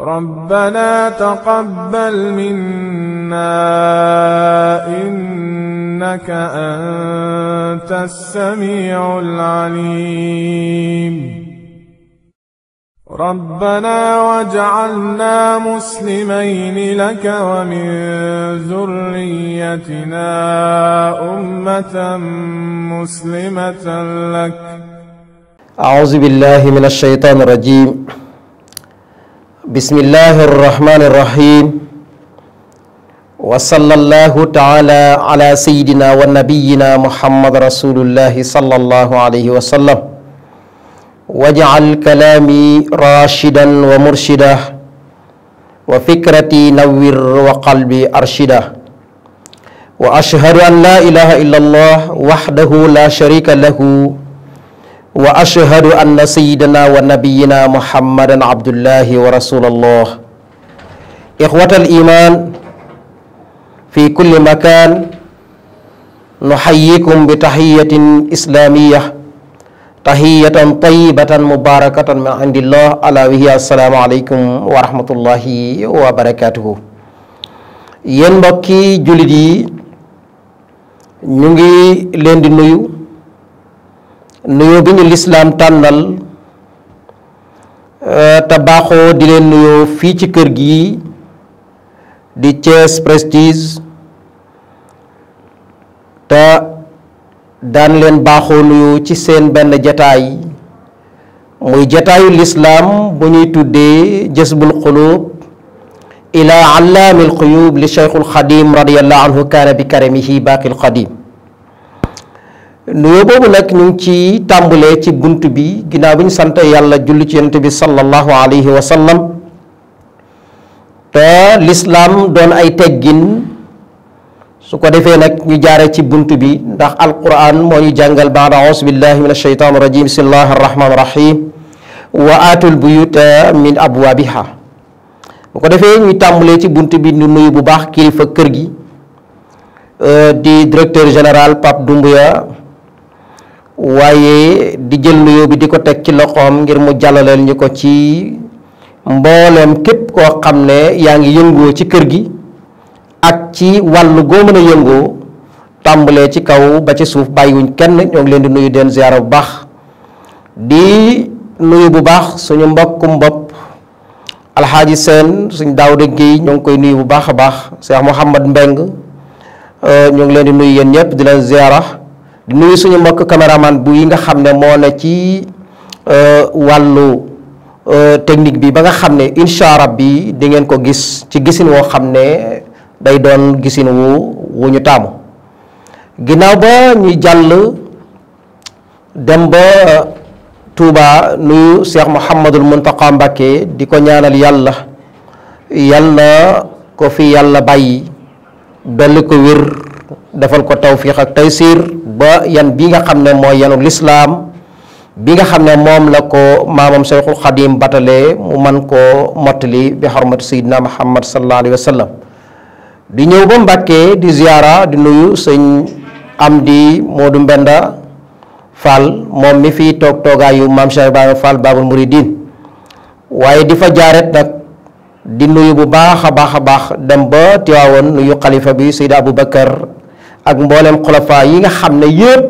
ربنا تقبل منا إنك أنت السميع العليم ربنا واجعلنا مسلمين لك ومن ذريتنا أمة مسلمة لك أعوذ بالله من الشيطان الرجيم بسم الله الرحمن الرحيم وصلى الله تعالى على سيدنا ونبينا محمد رسول الله صلى الله عليه وسلم واجعل كلامي راشدا ومرشدا وفكرتي نور وقلبي أرشدا وأشهد أن لا إله إلا الله وحده لا شريك له وأشهد أن سيدنا ونبينا محمدا عبد الله ورسول الله إخوة الإيمان في كل مكان نحييكم بتحية إسلامية تحية طيبة مباركة من عند الله ألا وهي السلام عليكم ورحمة الله وبركاته ينبكي جلدي نجي yi نيو nuyoo bi ñu lislaam tànnal euh, te baaxoo di leen nuyoo fii ci kër gi di Thiès Prestige te daan leen baaxoo nuyoo ci seen benn jataay muy jataayu lislaam bu ñuy tuddee jësbul xuluub ila allaamil xuyuub li cheikhul xadim radiallahu anhu kaana bi karamihi baaqil xadim nuyo bobu nak ñu ci tambulé ci buntu bi ginnaaw buñu ñu yalla jullu ci yent bi sallallahu alayhi wa sallam ta l'islam don ay teggin su ko defé nak ñu jaaré ci buntu bi ndax alquran moyi ñu jàngal baada aus billahi minash alsheytan rajim bismillahi arrahman rahim wa atul buyuta min abwabiha bu ko defé ñu tambulé ci buntu bi ñu nuyu bu baax kilifa kër gi di directeur général pap dumbuya waye di jël nuyo bi diko ko ci loxom ngir mu jàllaleel ñuko ko ci mbooleem kep ko xamne yaangi yaa ci kër gi ak ci walu go ci kaw ba ci suuf bayiwuñ kenn ñoo leen di nuyu den ziyaara bax di nuyu bu bax suñu mbokkum bopp alhaji sen suñu daawde gi ñoo ngi koy nuyu bu baax baax Cheikh mohammed Mbeng euh, ñoo leen di nuyu yeen ñëpp di leen ziarah di nuyu suñu mbokk cameraman bu yi nga xam ne na ci euh, euh technique bi ba nga xamne insha rabbi di ngeen ko gis ci gisin wo xamne day doon gisin wu wu ñu ginaaw ba ñuy jall dem ba touba nuyu cheikh muhammadul muntaqa mbake di ko ñaanal yalla yalla ko fi yalla bayyi dolli ko wir defal ko tawfiq ak taysir ba yan bi nga xamne moy yanu l'islam bi nga xamne mom la ko mamam shaykhul batale mu man ko mottali bi hormat sayyidina Muhammad sallallahu alaihi wasallam. di ñew ba mbacke di ziyara di nuyu señ Amdi modou Mbenda fal mom mi fi toga yu mam shaykh Ibrahima fal Babul Muridin waye di fa jaaret nak di nuyu bu baakha baakha baax dem ba nuyu khalifa bi abou bakkar ak mbooleem xulafaa yi nga xam ne yépp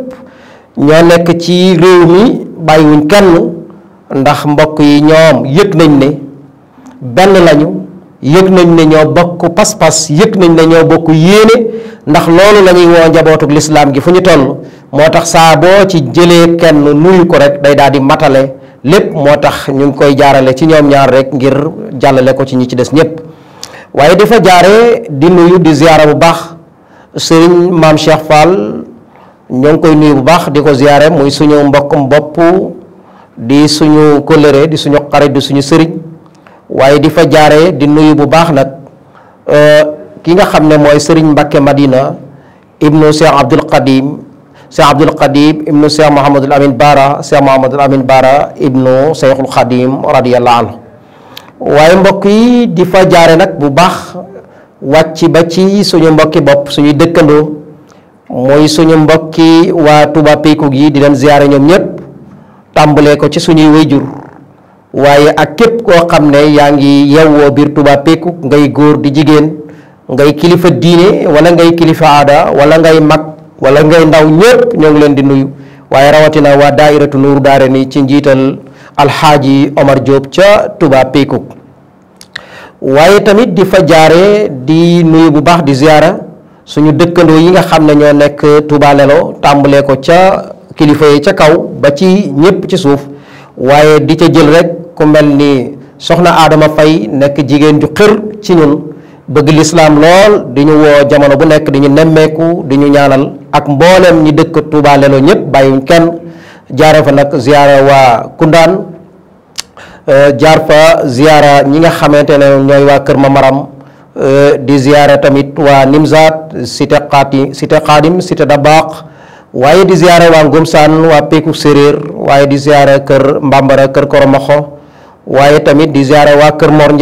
ñoo nekk ci réew mi bàyyiwuñ kenn ndax mbokk yi ñoom yëg nañ ne benn lañu yëg nañ ne ñoo bokk pas-pas yëg nañ ne ñoo bokk yéene ndax loolu la ñuy woo njabootug lislaam gi fu ñu toll moo tax saaboo ci jëlee kenn nuyu ko rek day daal di matale lépp moo tax ñu ngi koy jaarale ci ñoom ñaar rek ngir jàllale ko ci ñi ci des ñépp waaye dafa jaare di nuyu di ziyaara bu baax sëriñ maam Cheikh Fall ñoo ngi koy nuyu bu baax di ko ziyaare muy suñu mbokkum bopp di suñu kóllëre di suñu xarit di suñu sëriñ waaye di fa jaare di nuyu bu baax nag euh, ki nga xam ne mooy sëriñ Mbacke Madina ibnu Cheikh Abdul Qadim Cheikh Abdul Qadim ibnu Cheikh Mouhamadul Amin Bara Cheikh Mouhamadul Amin Bara ibnu Cheikhul Qadim radiyallahu waaye mbokk yi di fa jaare nag bu baax wàcc ba ci suñu mbokki bopp suñuy dëkkandoo mooy suñu mbokki waa Touba Pekoug yi di leen ziyaare ñoom ñëpp tàmbalee ko ci suñuy wayjur waaye ak képp koo xam ne yaa ngi yewwoo biir Touba Pekoug ngay góor di jigéen ngay kilifa diine wala ngay kilifa aada wala ngay mag wala ngay ndaw ñëpp ñoo ngi leen di nuyu waaye rawatina waa daairatu nuuru daare ni ci njiital alxaaji Omar Diop ca Touba Pekoug waaye tamit di fa jaare di nuyu bu baax di ziyaara suñu dëkkandoo yi nga xam ne ñoo nekk Touba Lelo tàmbalee ko ca kilifa yi ca kaw ba ci ñépp ci suuf waaye di ca jël rek ku mel ni soxna aadama Faye nekk jigéen ju xër ci ñun bëgg lislaam lool di ñu woo jamono bu nekk di ñu nemmeeku di ñu ñaanal ak mbooleem ñi dëkk Touba Lelo ñépp bàyyiwuñ kenn jaare fa nag ziyaara waa Koundaan Euh, jaar fa ziyaara ñi nga xamante ne ñooy waa Kër Mamaram euh, di ziyaara tamit waa Nimzaat cité Xaati cité Xaadim cité Dabaax waaye di ziyaara waa Ngomsaan waa Peku Séréer waaye di ziyaara kër Mbambara kër Koromoxo waaye tamit di ziyaara waa kër Mor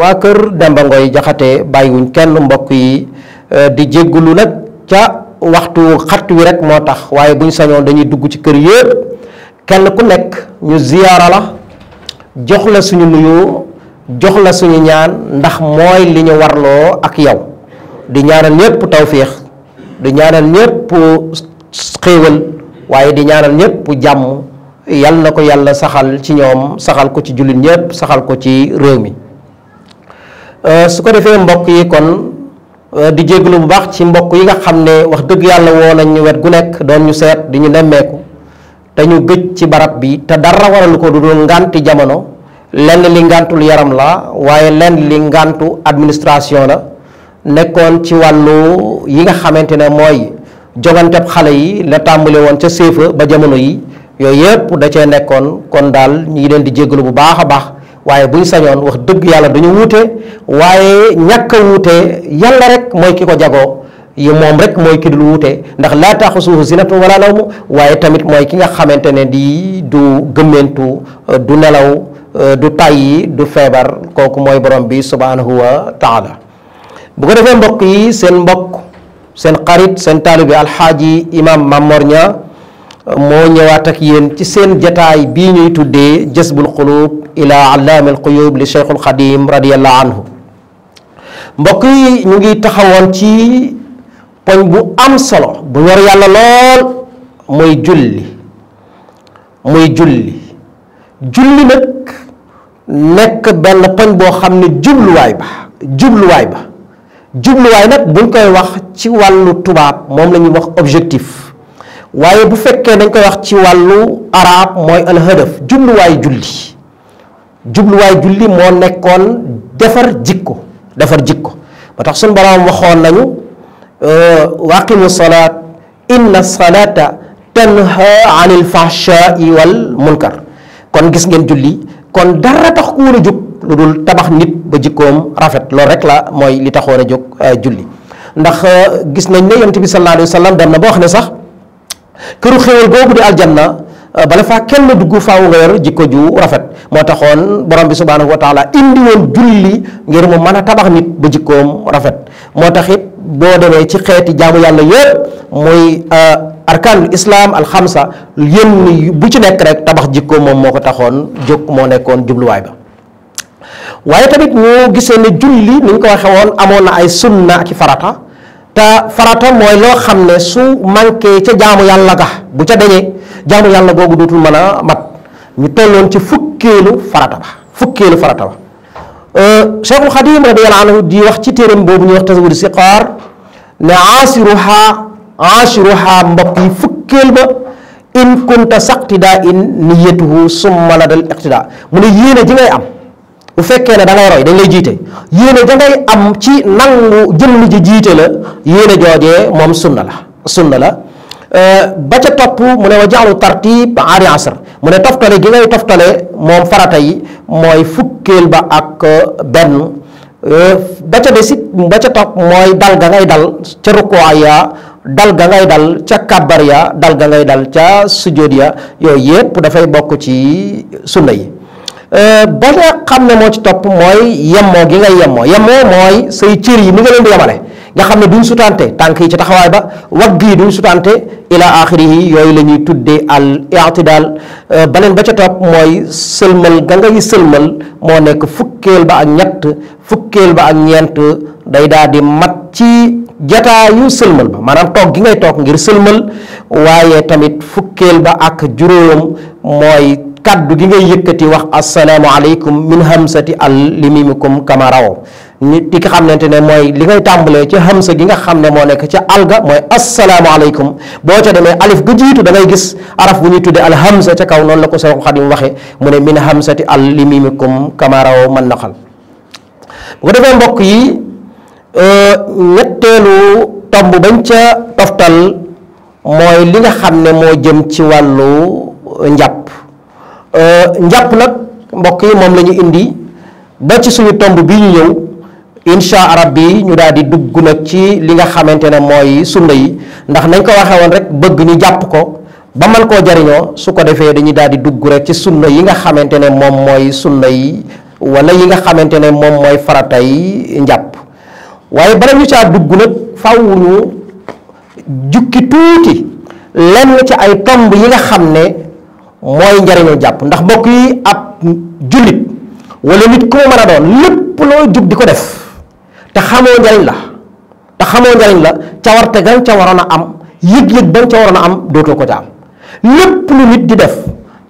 waa kër Demba Ngoy Jaxate bàyyiwuñ kenn mbokk yi euh, di jéggulu nag ca waxtu xat wi rek moo tax waaye buñ sañoon dañuy dugg ci kër yëpp kenn ku nekk ñu ziyaara la jox la suñu nuyoo jox la suñu ñaan ndax mooy li ñu warloo ak yow di ñaanal ñëpp tawféex di ñaanal ñëpp xéewal waaye di ñaanal ñëpp jàmm yal na ko yàlla saxal ci ñoom saxal ko ci jullit ñëpp saxal ko ci réew mi euh, su ko defee mbokk yi kon euh, di jégalu bu baax ci mbokk yi nga xam ne wax dëgg yàlla woo nañ ñu wet gu nekk doon ñu seet di ñu nemmeeku te ñu gëj ci barab bi te dara waralu ko du dul ngànti jamono lenn li ngàntul yaram la waaye lenn li ngàntu administration la nekkoon ci wàllu yi nga xamante ne mooy joganteb xale yi la tàmbale woon ca séefa ba jamono yi yooyu yëpp da cee nekkoon kon daal ñi leen di jéggalu bu baax a baax waaye buñ sañoon wax dëgg yàlla dañu wuute waaye ñàkk a wuute yàlla rek mooy ki ko jagoo yi moom rek mooy ki dul wutee ndax laa taxusuhu zinatun wala nawmu waaye tamit mooy ki nga xamante ne di du gëmmentu du nelaw du tàyyi du feebar kooku mooy borom bi subhanahu wa taala bu ko defee mbokk yi seen mbokk seen xarit seen taalibi alxaaji imam Mamor Ñaŋ moo ñëwaatak ak yéen ci seen jataay bii ñuy tuddee jazbul qulub ila allaami alquyub li cheikhul xadim radiallahu anhu mbokk yi ñu ngi taxawoon ci poñ bu am solo bu ñor yalla lol moy julli moy julli julli nak nek ben poñ bo xamni jublu way ba way ba way nak buñ koy wax ci walu tubaab mom la wax objectif waye bu fekke dañ koy wax ci walu arab moy al hadaf way julli way julli mo nekkoon defar jikko defar jikko ba tax sun borom waxon nañu Eh, waqimus salat inna salata tanha anil fahsya'i wal munkar kon gis ngeen julli kon dara tax ko wona juk jóg tabax nit ba jikom rafet lo rek la moy li taxone juk eh, julli ndax eh, gis nañ ne yantu bi sallallahu alayhi wasallam sallam dem na ba wax sax keru xewal gogu di aljanna bala fa kenn dugg faaw nga yor jikko ju rafet mo taxone borom bi subhanahu wa taala indi won julli ngir mu tabax nit ba jikom rafet mo taxit boo demee ci xeeti jaamu yàlla yépp muy euh, arkaanul islaam alxamsa yenn bu ci nekk rek tabax jikko moom moo ko taxoon jóg moo nekkoon jubluwaay ba waaye tamit ñu gisee ne julli ni ñu ko waxee woon amoon na ay sunna ak farata te farata mooy loo xam ne su manqué ca jaamu yàlla ga bu ca dañee jaamu yàlla googu dootul mën a mat ñu tolloon ci fukkeelu farata ba fukkeelu farata ba Euh, Cheikhul Xadim radiyallahu anhu di wax ci téeram boobu ñuy wax tasawur siqaar ne aasiruha aasiruha mbokk yi fukkeel ba in kunta saqtidaa in niyatuhu summa la dal mu ne yéene ji ngay am bu fekkee ne da ngay roy dañ lay jiite yéene ja ngay am ci nangu jëmm ji jiite la yéene joojee moom sunna la Euh, ba ca topp mu ne wa jaxlu tartib aari mu ne toftale gi ngay toftale moom farata yi mooy fukkeel ba ak euh, benn euh, ba ca desit ba ca topp mooy dal ga ngay dal ca rukkoo ya dal ga ngay dal ca kàbbar ya dal ga ngay dal ca sujjóot ya yooyu yépp dafay bokk ci sunna yi Euh, ba nga xam ne moo ci topp mooy yemmoo gi nga yemmoo yemmoo mooy say cër yi ni nga leen di yemale nga xam ne duñ sutante tànk yi ci taxawaay ba wagg yi duñ sutante ila axirihi yooyu lañuy tuddee al daal euh, beneen ba ca topp mooy sëlmal ga ngay sëlmal moo nekk fukkeel ba ak ñett fukkeel ba ak ñeent day daal di mat ci jataayu sëlmal ba maanaam toog gi ngay toog ngir sëlmal waaye tamit fukkeel ba ak juróom mooy kaddu gi ngay yëkkati wax assalaamu aleykum min hamsati al limimikum kamaraw nit ki nga xamante ne mooy li ngay tàmbalee ca hamsa gi nga xam ne moo nekk ca alga mooy assalaamu aleykum boo ca demee alif ga jiitu da gis araf bu ñuy tuddee al hamsa ca kaw noon la ko Seex Xaadim waxee mu ne min hamsati al limimikum kamaraw man naqal bu ko defee mbokk yi euh, ñetteelu tomb bañ ca toftal mooy li nga xam ne moo jëm ci wàllu njàpp Euh, njàpp nag mbokk yi moom la ñu indi ba ci suñu tomb bi ñu ñëw incha arab bi ñu daal di dugg nag ci li nga xamante ne mooy sunna yi ndax nañ ko waxee rek bëgg ñu jàpp ko ba man koo jariñoo su ko defee dañuy daal di dugg rek ci sunna yi nga xamante ne moom mooy sunna yi wala yi nga xamante ne moom mooy faratay njàpp waaye bala ñu caa dugg nag faaw jukki tuuti lenn ci ay tomb yi nga xam ne mooy njariñu jàpp ndax mbokk yi ab jullit wala nit ku mu mën a doon lépp loo jug di ko def te xamoo njariñ la te xamoo njariñ la cawarte gan ca waroon a am yëg-yëg ban ca waroon a am dootoo ko ca am lépp di def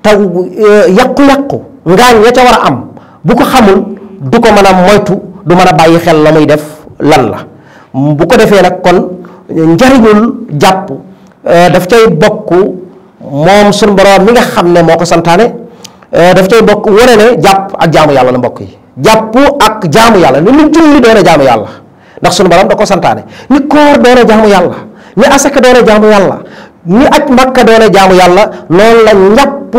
te euh, yàqu-yàqu ngaañ ya ca war a am bu ko xamul du ko mën a moytu du mën a bàyyi xel la muy def lan la bu ko defee nag kon njariñul jàpp euh, daf cay bokk moom suñu borom mi nga xam ne moo ko santaane eh, daf cay bokk wane ne jàpp ak jaamu yàlla la mbokk yi jàpp ak jaamu yàlla ni lu julli doon yàlla ndax suñu borom da ko santaane ni koor doon a jaamu yàlla ni asaka doon a jaamu yàlla ni aj makka doon a jaamu la ñàpp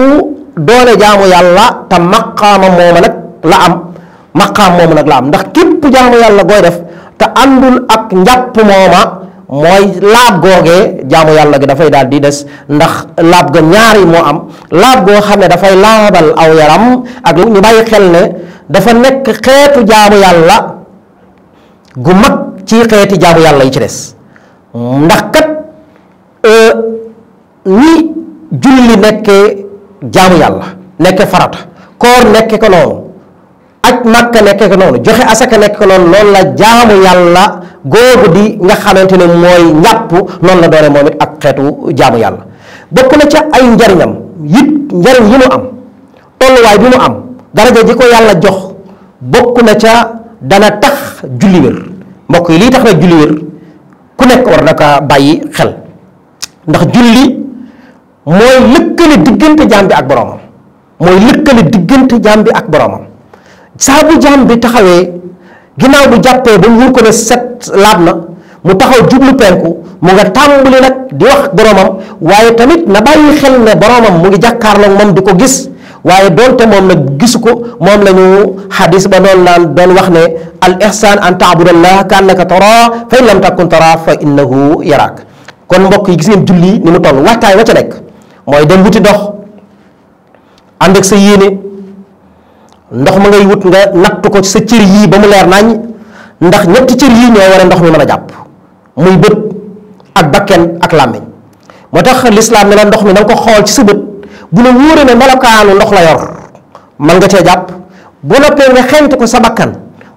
doon a jaamu yàlla te maqaama mooma nag la am maqaam moomu nag la am ndax képp jaamu yàlla gooy def te àndul ak njàpp mooma mooy laab googee jaamu yàlla gi dafay daal di des ndax laab ga ñaari moo am laab goo xam ne dafay laabal aw yaram ak ñu bàyyi xel ne dafa nekk xeetu jaamu yàlla gu mag ci xeeti jaamu yàlla yi ci des ndax kat euh, ni julli nekkee jaamu yàlla nekke farata koor nekke ko noonu aj makka nekk ko noonu joxe asaka nekk ko noonu noonu la jaamu yàlla googu di nga xamante ne mooy ñàpp noonu la doone moom it ak xeetu jaamu yàlla bokk na ca ay njariñam it njariñ yi mu am tolluwaay bi mu am daraja ji ko yàlla jox bokk na ca dana tax julli wér mbokk yi lii tax na julli wér ku nekk war na ko bàyyi xel ndax julli mooy lëkkale diggante jaam bi ak boroomam mooy lëkkale diggante jaam bi ak boroomam saa bu jaam bi taxawee ginnaaw bu jàppee ba wóor ko ne set laab na mu taxaw jublu penku mu nga tàmbali nag di wax boromam waaye tamit na bàyyi xel ne boromam mu ngi jàkkaarloog moom di ko gis waaye doonte moom nag gisu ko moom lañu ñu xadis ba doon naan doon wax ne al ihsan an taabudallah ka annaka tara fa in lam takun tara fa innahu yaraak kon mbokk yi gis ngeen julli ni mu toll waxtaay wa nekk mooy dem wuti dox ànd ak sa ndox ma ngay wut nga natt ko ci sa cër yii ba mu leer nañ ndax ñetti cër yii ñoo war ndox mi mën a jàpp muy bët ak bakken ak làmmiñ moo tax lislaam ne la ndox mi na ko xool ci sa bët bu la wóoree ne melokaanu ndox la yor mën nga cee jàpp bu noppee nga xent ko sa bakkan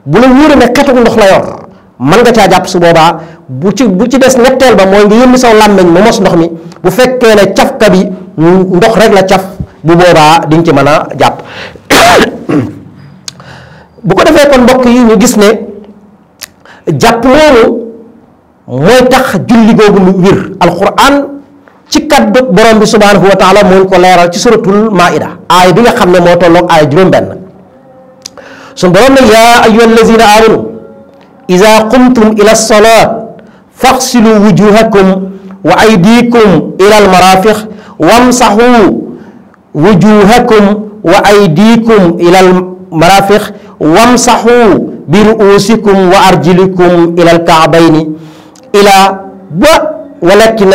bu la wóoree ne xetuk ndox la yor mën nga caa jàpp su boobaa bu ci bu ci des ñetteel ba mooy nga yëmmi saw làmmiñ mu mos ndox mi bu fekkee ne cafka bi ndox rek la caf bu boobaa di nga ci mën a jàpp bu ko defé kon mbokk yi ñu gis né japp lolu moy tax julli gogu lu wir alquran ci kaddu borom bi subhanahu wa taala mo ko leral ci suratul maida ay bi nga xamne mo tolok ay juroom ben sun borom ya ayyul ladzina amanu idza qumtum ila salat faghsilu wujuhakum wa aydikum ila almarafiq wamsahu wujuhakum wa aydikum ilal marafiq wamsaxu bi ruusikum wa arjulikum ilal kaabayni ilaa ba walakin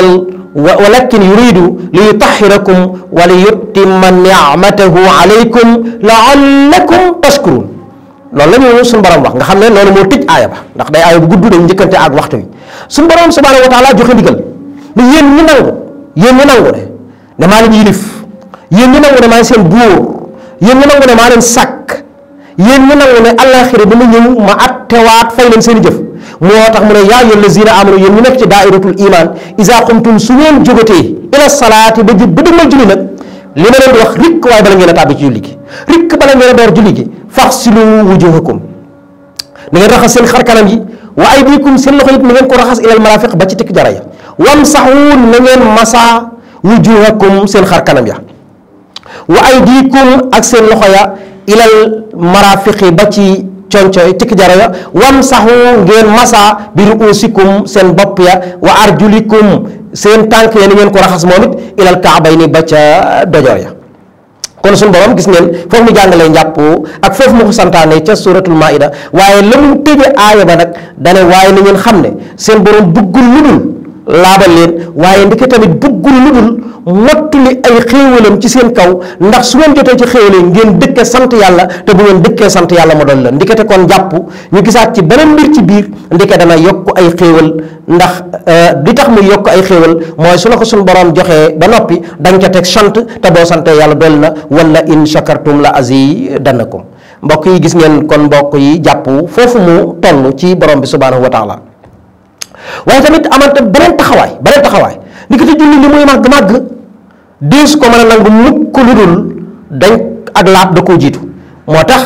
walakin yuridu li yutahirakum wa li yutimma nicmatahu alaykum laallakum tashkurun loolu la ñu suñu borom wax nga xam ne noonu moo tëj aaya ba ndax day aaya bu gudd dañ njëkkante ak waxtu wi suñu borom subhanahu wa taala joxe ndigal ne yéen ñu nangu yéen ñu nangu ne damaa leen yilif yéen ñu nangu ne maa seen buur yéen ñu nangu ne maa leen sàkk yéen ñu nangu ne àllaaxira dama ñëw ma attewaat fay leen seen i jëf moo tax mu ne yaa ayyuhal lazina amanu yéen ñu nekk ci daa'iratul iman iza qumtum su ngeen jógatee ila salaati ba jub ba dëgmal julli nag li ma leen di wax rikk waaye bala ngeen a tàbbi ci julli gi rikk bala ngeen a door julli gi faxsilu wujuhakum na raxas seen xar kanam yi wa aydikum seen loxo it na ngeen ko raxas ilal marafiq ba ci tikk jara ya wamsaxu na ngeen masa wujuhakum seen xar kanam ya wa aydikum ak seen loxo ya ilal marafiqi ba ci conco tikk jara ya wamsahu ngeen masa bi ruusikum seen bopp ya wa arjulikum seen tànk ya ni ngeen ko raxas moom it ilal kaabayni ba ca dojoor ya kon suñu borom gis ngeen foofu mu jàngalee njàpp ak foofu mu ko santaane ca suratul maida waaye la mu tëje aaya ba nag dane waaye na ngeen xam ne seen borom bëggul lu dul laabal leen waaye ndeke tamit bëggul lu dul mottuli ay xéewalam ci seen kaw ndax su ngeen jotee ci xéewale ngeen dëkkee sant yàlla te bu ngeen dëkkee sant yàlla mu doon la ndekete kon jàpp ñu gisaat ci beneen mbir ci biir ndeke dana yokk ay xéewal ndax di euh, tax muy yokk ay xéewal mooy su la ko suñ borom joxee ba noppi dañ ca teg sant te boo santee yàlla dool na wala in shakartum la ko mbokk yi gis ngeen kon mbokk yi jàpp foofu mu toll ci borom bi subhanahu wa taala waaye tamit amante beneen taxawaay beneen taxawaay ni ko te julli li muy màgg màgg diis ko mën a nangu mukk lu dul dañ ak laab da koo jiitu moo tax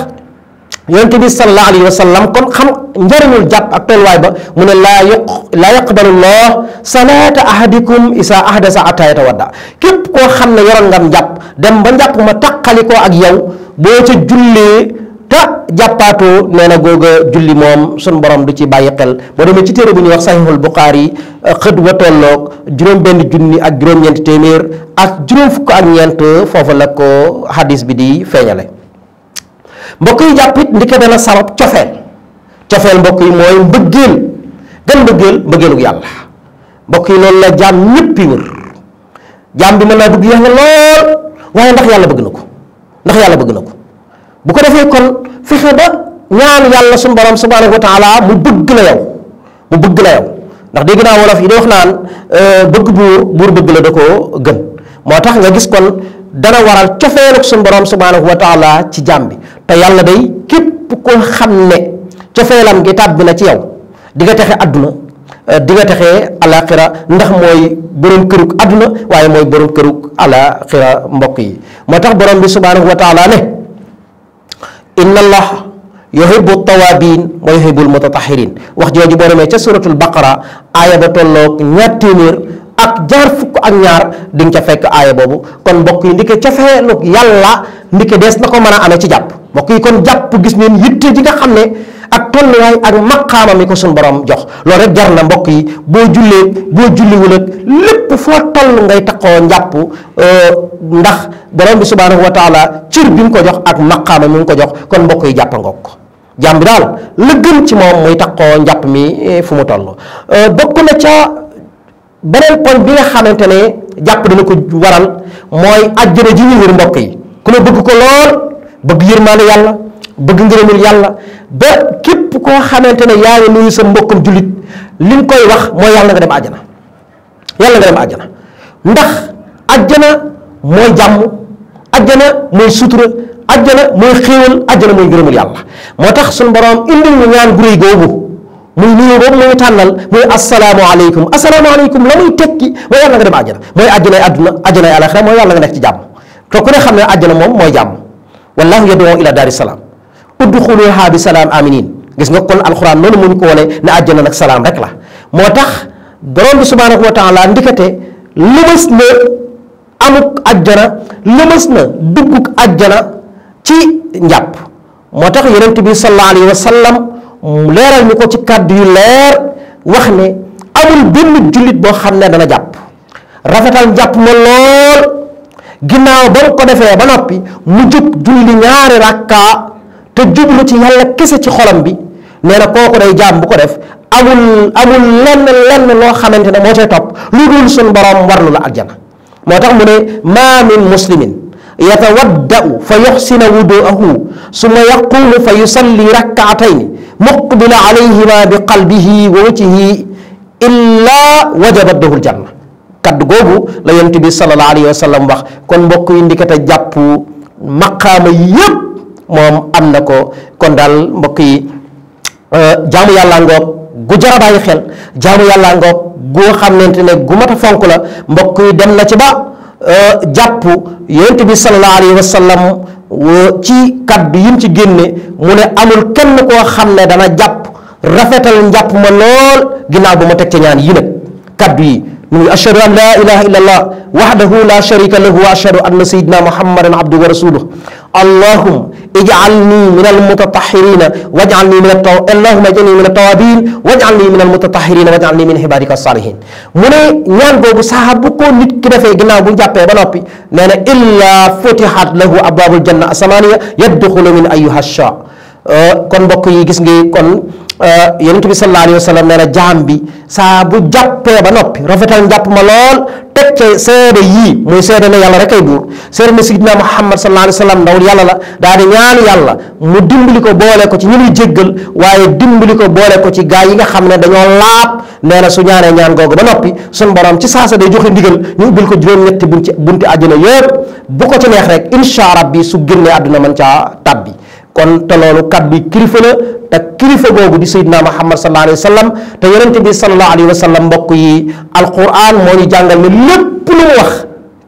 yonente bi sallallahu alayhi wa sallam kon xam njariñul jàpp ak tolluwaay ba mu ne laa yuq laa yaqbalu llah salaata ahadikum isa ahdasa ataa yatawadda képp koo xam ne yoroon ngam jàpp dem ba njàpp ma taqali ko ak yow boo ca jullee ta jappato neena na julli mom sun borom du ci baye xel bo demé ci téré bu ñu wax sahihul bukhari eh, xët wa tolloog juroom benn junni ak juroom ñent téeméer ak juroom fukk ak ñent fofu la ko hadis bi di feñalé mbokk yi jappit ndike dana sarop cofeel cofeel mbokk yi mbeugël gën gan mbeugël ak yalla mbokk yi loolu la ñepp yi wër jam bi mëna bëgg yalla lool waye ndax yalla bëgg nako ndax yalla bëgg nako bu ko defee kon fexe ba ñaan yàlla suñu borom subhanahu wa taala mu bëgg la yow mu bëgg la yow ndax dégg naa wolof yi di wax naan euh, bëgg buur buur bëgg la da koo gën moo tax nga gis kon dana waral cofeeluk suñu borom subhanahu wa ci jaam bi te yàlla day képp ko xam ne cofeelam gi tàbbi na ci yow di nga texe àdduna euh, di nga texee alaxira ndax mooy borom kërug àdduna waaye mooy borom kërug alaxira mbokk yi moo tax borom bi subhanahu ne inna allah yuhibbu tawaabiin wa yuhibbul mutatahhirin wax jooju boo demee ca suratul baqara aaya ba tolloog ñaar téeméer ak jaar fukk ak ñaar di nga ca fekk aaya boobu kon mbokk yi ndike cofeelu yàlla ndike dees na ko man a amee ci jàpp mbokk yi kon jàpp gis neen yitte ji nga xam ne ak tolluwaay ak maqaama mi ko suñ borom jox loolu rek jar na mbokk yi boo jullee boo julliwul ak lépp foo toll ngay taxoo njàpp euh, ndax borom bi subhaanahu wa taala cër bi ko jox ak maqaama mi mu ko jox kon mbokk yi jàpp ngoog ko jàmm daal la ci moom muy taxoo njàpp mi eh, fu mu toll euh, bokk na ca beneen poñ bi nga xamante ne jàpp dana ko waral mooy àjjana ji ñu wër mbokk yi ku la bëgg ko lool bëgg yërmaane yàlla bëgg ngërëmul yàlla ba képp ko xamante ne yaa ngi nuyu sa mbokkam jullit li koy wax mooy yàlla nga dem àjjana yàlla nga dem àjjana ndax àjjana mooy jàmm àjjana mooy sutura àjjana mooy xéewal àjjana mooy ngërëmul yàlla moo tax suñu borom indil ñu ñaan guréy googu muy nuyu boobu muy tànnal muy asalaamaaleykum asalaamaaleykum la muy tekki mooy yàlla nga dem àjjana mooy àjjanay àdduna àjjanay alaxira mooy yàlla nga nekk ci jàmm te ku ne xam ne àjjana moom mooy jàmm wallahu yadoo ila daari salaam ادخلوها بسلام امنين غيس نكو القران نون مون كو ن اجنا نك سلام رك لا موتاخ بروم سبحانه وتعالى نديكاتي لومس ن امك اجنا لومس ن دوك اجنا تي نياب موتاخ يونتي بي صلى الله عليه وسلم ليرال نكو تي كاد يو لير واخني امول بن جوليت بو خامني دا نياب رافتال نياب ما لول ginaaw ba nga ko defee ba noppi mu jub julli ñaari te jublu ci yàlla kese ci xolam bi nee na kooku day jaam bu ko def amul amul lenn lenn loo xamante ne moo cay topp lu dul suñ borom warlu la aljana moo tax mu ne maa min muslimin yatawaddau fa yuxsina wuduahu summa yaqumu fa yusalli rakkaatayni muqbila alayhima bi qalbihi wa wajhihi illaa wajabat dahul janna kaddu googu la yonent bi sallallahu alayhi wa sallam wax kon mbokk yi ndikate jàpp maqaama yépp moom am na ko kon daal mbokk yi euh, jaamu yàlla ngoog gu jar a bàyyi xel jaamu yàlla ngoog gu xamante ne gu mat a fonk la mbokk yi dem na ci ba euh, jàpp yonent bi sallallahu alayhi wa ci kaddu yim ci génne mu ne amul kenn koo xam ne dana jàpp rafetal njàpp ma lool bu ma teg ci ñaan yi nag kaddu yi muy ashhadu an la ilaha illa allah wahdahu la sharika lahu wa ashhadu anna sayyidina muhammadan abduhu wa rasuluh allahum اجعلني من المتطهرين واجعلني من التو... اللهم اجعلني من التوابين واجعلني من المتطهرين واجعلني من عبادك الصالحين mu ne ñaan boobu saa bu ko nit ki defee ginnaaw bu jàppee ba noppi nee na illaa futihat lahu abwaabul janna asamaaniya yadxulu min ayyuha shaa Euh, kon mbokk yi gis ngi kon euh, yonent bi sallallahu alayhi wa bi saa bu jàppee ba noppi rafetal njàpp ma lool teg ca seede yii muy seede la yàlla rek ay buur seede ne sidina Muhammad sallallahu alayhi wa sallam ndawul yàlla la daal di ñaan yàlla mu dimbali ko boole ko ci ñu jéggal waaye dimbali ko boole ko ci gaa yi nga xam ne dañoo laab nee na su ñaanee ñaan googu ba noppi suñ borom ci saa sa day joxe ndigal ñu ubbil ko juróom-ñetti bunti bunti àjjana yëpp bu ko ci neex rek incha rabbi su génnee àdduna man caa tabbi kon te lolou kat bi kilifa la ta kilifa gogu di sayyidina muhammad sallallahu Alaihi Wasallam, sallam te yonent bi sallallahu alaihi wasallam sallam yi alquran mo ni jangal ni lepp lu wax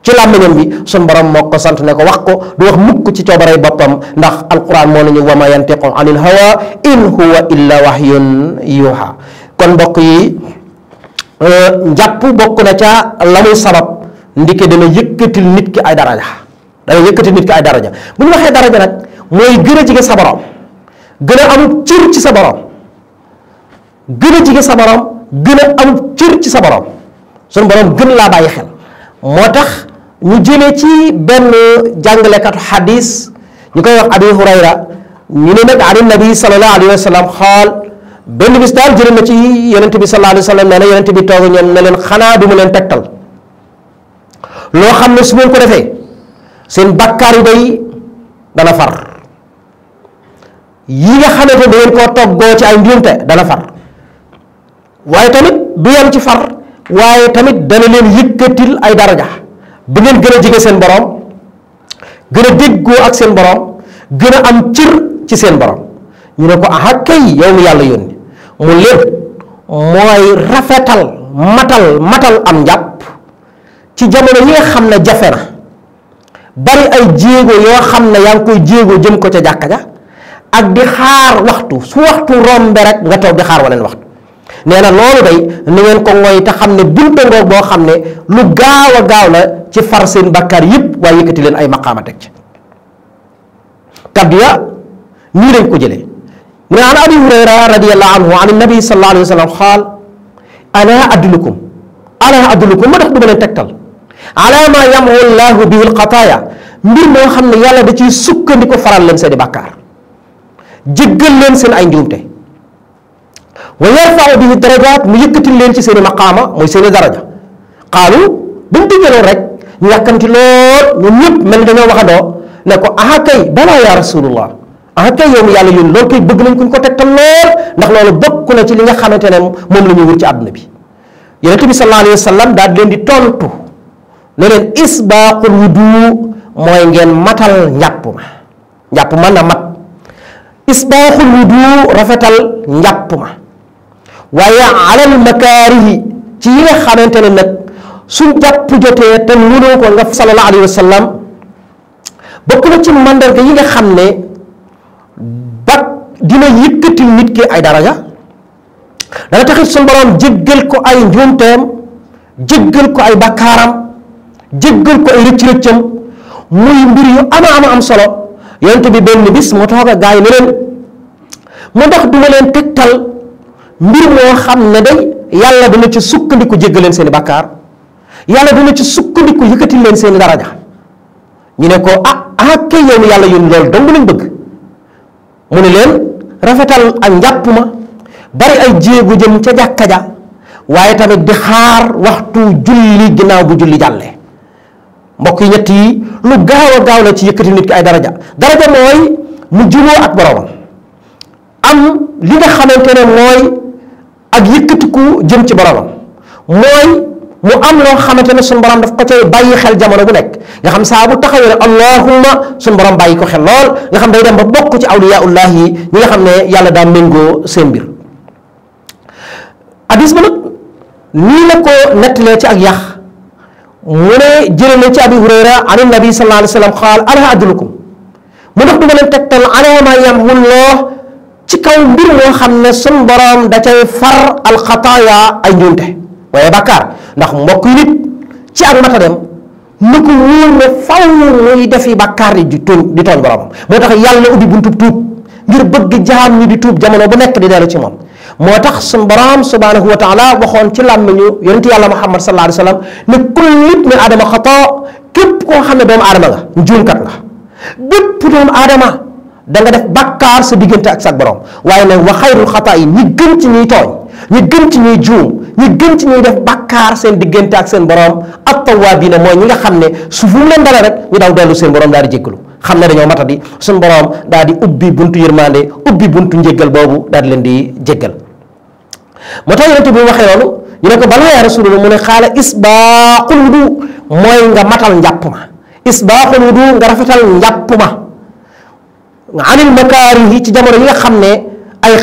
ci lamagnam bi sun borom moko sant ne ko wax ko du wax mukk ci cobaray bopam ndax alquran mo ni wama yantiqu anil hawa in huwa illa wahyun yuha kon mbokk yi euh, japp bokk na ca lamuy sabab ndike dana yëkkatil nit ki ay daraja dana yëkkatil nit ki ay daraja buñ waxe daraja nak mooy gën a jege sa borom gën a am cër ci sa borom gën a jege gën a am cër ci sa borom sunu borom gën laa bàyyi xel moo tax ñu jëlee ci benn jàngalekatu xadis ñu koy wax abi hurayra ñu ne nag an nabi sallallahu alayhi wa sallam xool benn bis daal jëlee na ci yonent bi sallallahu alayhi wa sallam nee na yonent bi toog ne leen xanaa du ma leen tegtal loo xam ne su ngeen ko defee seen bakkaar yi dana far yi nga xamante da ngeen koo toggoo ci ay njuumte dana far waaye tamit bu yem ci far waaye tamit dana leen yëkkatil ay daraja bi ngeen gën a jege seen borom gën a déggoo ak seen borom gën a am cër ci seen borom ñu ne ko aha kay yow mi yàlla yónni mu lépp mooy rafetal matal matal am njàpp ci jamono yi nga xam ne jafe na bari ay jéego yoo xam ne yaa ngi koy jéego jëm ko ca jàkka ja ak di xaar waxtu su waxtu rombe rek nga toog di xaar waneen waxtu nee na loolu day ni ngeen ko ngoy te xam ne bunta ngoog boo xam ne lu gaaw a gaaw la ci far seen bakkaar yëpp waaye yëkkati leen ay a teg ci kaddu ya nii lañ ko jëlee mu ne an abi hurayra radiallahu anhu an nabi sallallahu alayhi wa sallam ma tax du ma leen tegtal ala ma yamu llahu bihi alqataaya mbir moo xam ne yàlla da ci sukkandiku faral leen seeni bakkaar jéggal leen seen ay njuumte wa yarfau bihi darajaat mu yëkkatil leen ci seen i maqaama mooy seen i daraja xaalu bañ dëggaloon rek ñu yàkkamti lool ñoom ñëpp mel dañoo waxandoo ne ko aha kay balaa yaa rasulullah aha kay yow mi yàlla yónni loolu kay bëgg nañ kuñ ko tegtal lool ndax loolu bokk na ci li nga xamante ne moom la ñuy wër ci àdduna bi yonente bi sallallahu alayhi wa sallam daal leen di tontu ne leen isbaaqul wudu mooy ngeen matal njàpp ma njàpp ma isbaaxul wudu rafetal njàpp ma waaye alal makaarihi ci yi nga xamante ne nag su njàpp jotee te mënoo ko nga sallallahu alayhi wa sallam na ci màndarga yi nga xam ne ba dina yëkkati nit ki ay daraja dana taxit suñu borom jéggal ko ay njuumteem jéggal ko ay bakkaaram jéggal ko ay rëcc muy mbir yu ama ama am solo yonent bi benn bis mu toog a gaa yi ne leen mu ndax duma leen tegtal mbir moo xam ne day yàlla dana ci sukkandiku jéggal leen seeni bàkkaar yàlla dina ci sukkandiku yëkkati leen seeni daraja ñu ne ko ah ah kay yow yàlla yun loolu dong lañ bëgg mu ne leen rafetal ak njàpp ma bari ay jéego jëm ca jàkka ja waaye tamit di xaar waxtu julli ginnaaw bu julli jàlle mbokk yi ñett yi lu gaaw gaaw la ci yëkkati nit ki ay daraja daraja mooy mu juboo ak boroomam am li nga xamante ne mooy ak ku jëm ci boroomam mooy mu am loo xamante ne suñu borom daf ko cay bàyyi xel jamono bu nekk nga xam saa bu taxawee ne allahumma suñu borom bàyyi ko xel lool nga xam day dem ba bokk ci awliyaullah yi nga xam ne yàlla daa méngoo seen mbir hadis ba nag nii la ko nettalee ci ak yàq mu ne jëlee na ci abi hurayra an nabi sallallahu alayhi wa sallam qaal alaa adullukum mu ndax du ma leen tegtal alaa maa yamhullaa ci kaw mbir moo xam ne sun borom da cay far alxataaya ay njuumte waaye bàkkaar ndax mbokk yi nit ci ak mata dem na ko wóor ne faw muy defi bàkkaar di tooñ di tooñ boromam moo tax yàlla ubbi buntub tuub ngir bëgg jaam ñi di tuub jamono bu nekk di dellu ci moom moo tax suñu borom subhanahu wa taala waxoon ci làmmiñu yonentu yàlla muhammad sallallahu alayhi wa sallam ne kullu ibni aadama xata képp koo xam ne doomu aadama nga njuumkat nga bépp doomu aadama da nga def bakkaar sa diggante ak sa borom waaye nag wa xayrul xataa yi ñi gën ci ñuy tooñ ñi gën ci ñuy juum ñi gën ci ñuy def bakkaar seen diggante ak seen borom at tawaabiina mooy ñi nga xam ne su fu mu leen dala rek ñu daw dellu seen borom daal di jégalu xam ne dañoo matadi suñ boroom daal di ubbi buntu yërmande ubbi buntu njéggal boobu daal di leen di jéggal moo tax yonent bi mu waxee loolu ñu ne ko balaa yaa rasulullah mu ne xaala ma isbaaxul wudu nga rafetal njàpp ma ci jamono yi nga xam ne ay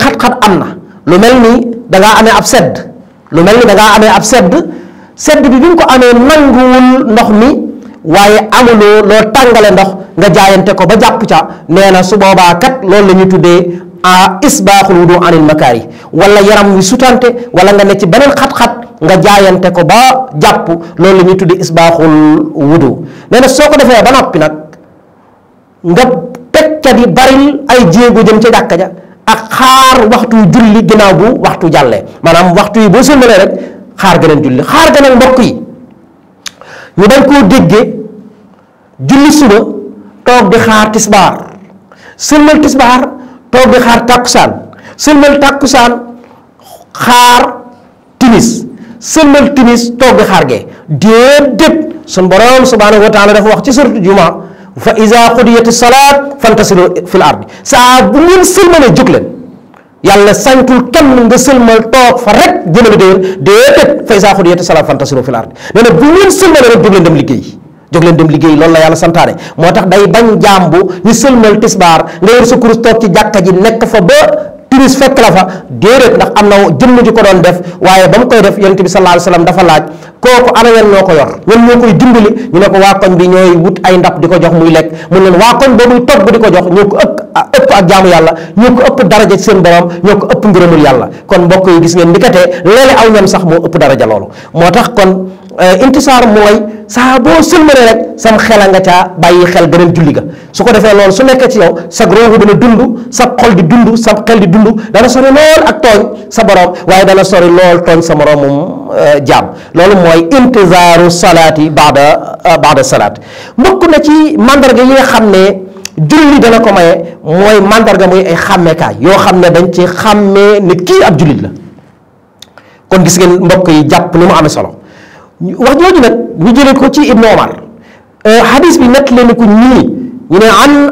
am na lu mel ni dangaa amee ab sedd lu mel ni dangaa amee ab sedd sedd bi bi ko amee nanguwul ndox mi waaye amuloo loo tàngale ndox nga jaayante ko ba jàpp ca nee na su boobaa kat loolu la ñu tuddee a isbaaxul wudu anil makaari wala yaram wi sutante wala nga ne ci beneen xat nga jaayante ko ba jàpp loolu la ñuy tuddee isbaaxul wudu nee soo ko defee ba noppi nag nga teg ca di baril ay jéego jëm ca jàkka ja ak xaar waxtu julli ginnaaw bu waxtu jàllee maanaam waxtu yi boo sëlmalee rek xaar geneen julli xaar geneen mbokk yi ñu dañ koo déggee julli suba toog di xaar tisbaar sëlmal tisbaar toog di xaar tàkkusaan sëlmal tàkkusaan xaar timis sëlmal timis toog di xaar ge déedéet sun borom subhanahu wa taala dafa wax ci suratu juma fa iza qudiyati salaat fantasilu fil ardi saa bu ngeen sëlmalee jóg leen yàlla santul kenn nga sëlmal toog fa rek jëmale déer déedéet fa iza qudiyati salaat fantasilu fil ardi nee bu ngeen sëlmalee rek jóg leen dem liggéey jóg leen dem liggéey loolu la yàlla santaane moo tax day bañ jàmbu ñu sëlmal tisbaar nga yor sa kurus toog ci jàkka ji nekk fa ba timis fekk la fa déedéet ndax am na jëmm ji ko doon def waaye ba mu koy def yonent bi sallallahu alayhi wasallam dafa laaj kooku ana yan ñoo ko yor ñun ñoo koy dimbali ñu ne ko waa koñ bi ñooy wut ay ndab di ko jox muy lekk mu ne waa koñ boobu togg di ko jox ñoo ko ëpp ëpp ak jaamu yàlla ñoo ko ëpp daraja seen borom ñoo ko ëpp ngërëmul yàlla kon mbokk yi gis ngeen ndikatee léeg-léeg aw ñam sax ëpp daraja loolu intisaar mooy saa boo sëlmale rek sam xela nga caa bàyyi xel beneen julli ga su ko defee loolu su nekkee ci yow sa ruuxu dana dund sa xol di dund sa xel di dund dana sori lool ak tooñ sa borom waaye dana sori lool tooñ sa moromum jaam loolu mooy intizaaru salaati baada baada salaat mbokk na ci mandarga yi nga xam ne julli dana ko maye mooy mandarga muy ay xàmmeekaay yoo xam ne dañ ci xàmmee ne kii ab jullit la kon gis ngeen mbokk yi jàpp ni mu amee solo wax joju nak ñu jëlé ko ci ibnu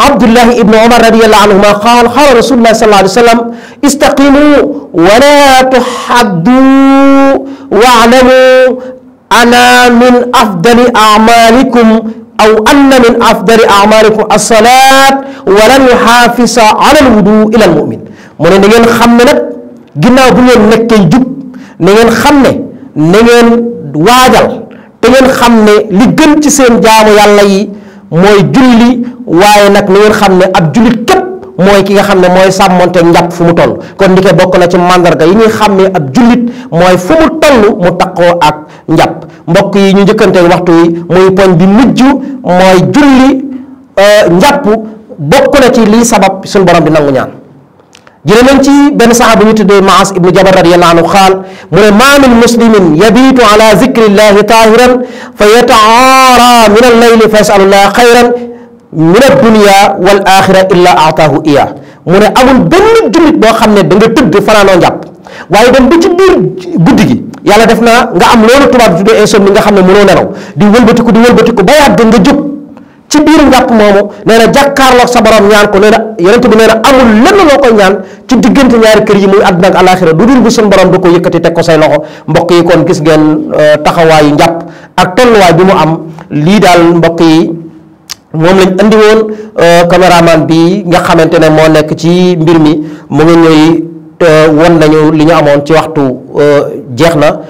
عبد الله ابن عمر رضي الله عنهما قال قال رسول الله صلى الله عليه وسلم استقيموا ولا تحدوا واعلموا انا من افضل اعمالكم او ان من افضل اعمالكم الصلاه ولن يحافظ على الوضوء الى المؤمن من نين خامنا غيناو بو نين نكاي جوب نين خامني na ngeen waajal te ngeen xam ne li gën ci seen jaamu yàlla yi mooy julli waaye nag na xam ne ab jullit képp mooy ki nga xam ne mooy sàmmonte njàpp fu mu toll kon ndike bokk na ci màndarga yi ñuy xàmmee ab jullit mooy fu mu toll mu taqoo ak njàpp mbokk yi ñu njëkkante waxtu yi muy poñ bi mujj mooy julli euh, njàpp bokk na ci lii sabab suñu borom di nangu ñaan jële nañ ci benn saxaaba ñu tuddee maas ibnu jabar radiallahu anhu xaal mu ne maa min muslimin yabiitu ala zikrillahi taahiran fa yataara min alleyli fa yasalullaha xayran min addunia wal axira illa aataahu iya mu ne amul benn jullit boo xam ne da nga tëdd fanaanoo njàpp waaye dem ba ci biir guddi gi yàlla def na nga am loolu tubaab bi tuddee insomnie nga xam ne mënoo nelaw di wëlbatiku di wëlbatiku ba yàgg nga jóg ci biir njàpp moomu nee na jàkkaarloog sa borom ñaan ko nee na yonent bi nee na amul lenn loo koy ñaan ci diggante ñaari kër yi muy àdduna ak alaxira du dul bu suñu borom du ko yëkkati teg ko say loxo mbokk yi kon gis ngeen euh, taxawaayu njàpp ak tolluwaay bi mu am lii daal mbokk yi moom lañ andi woon euh, caméraman bi nga xamante ne moo nekk ci mbir mi mu ngi ñuy euh, won nañu li ñu amoon ci waxtu jeex na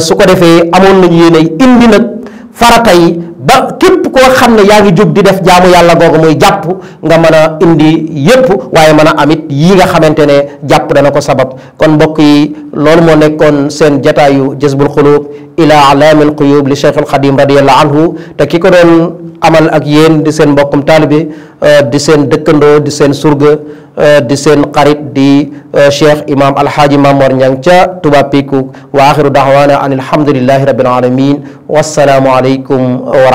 su ko defee amoon nañu yéene indi nag farata yi ba képp ko xam ne yaa ngi jóg di def jaamu yàlla googu muy jàpp nga mën a indi yépp waaye mën a amit yii nga xamante ne jàpp dana ko sabab kon mbokk yi loolu moo nekkoon seen jataayu jazbul xuluub ila alaamil quyub li cheikh alxadim radiallahu anhu te ki ko doon amal ak yéen di seen mbokkum taalibe euh, di seen dëkkandoo di seen surga euh, di seen xarit di euh, cheikh imam alhaaji Mamor Ñang ca Tuba Piku wa axiru daawaana an alhamdulillahi rabbil alamin wassalaamu aleykum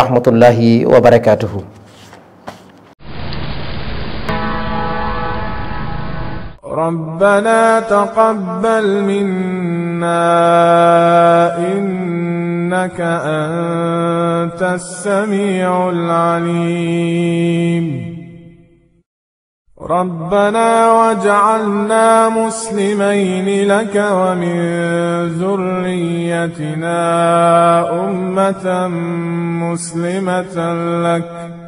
ورحمة الله وبركاته ربنا تقبل منا إنك أنت السميع العليم ربنا وجعلنا مسلمين لك ومن ذريتنا أمة مسلمة لك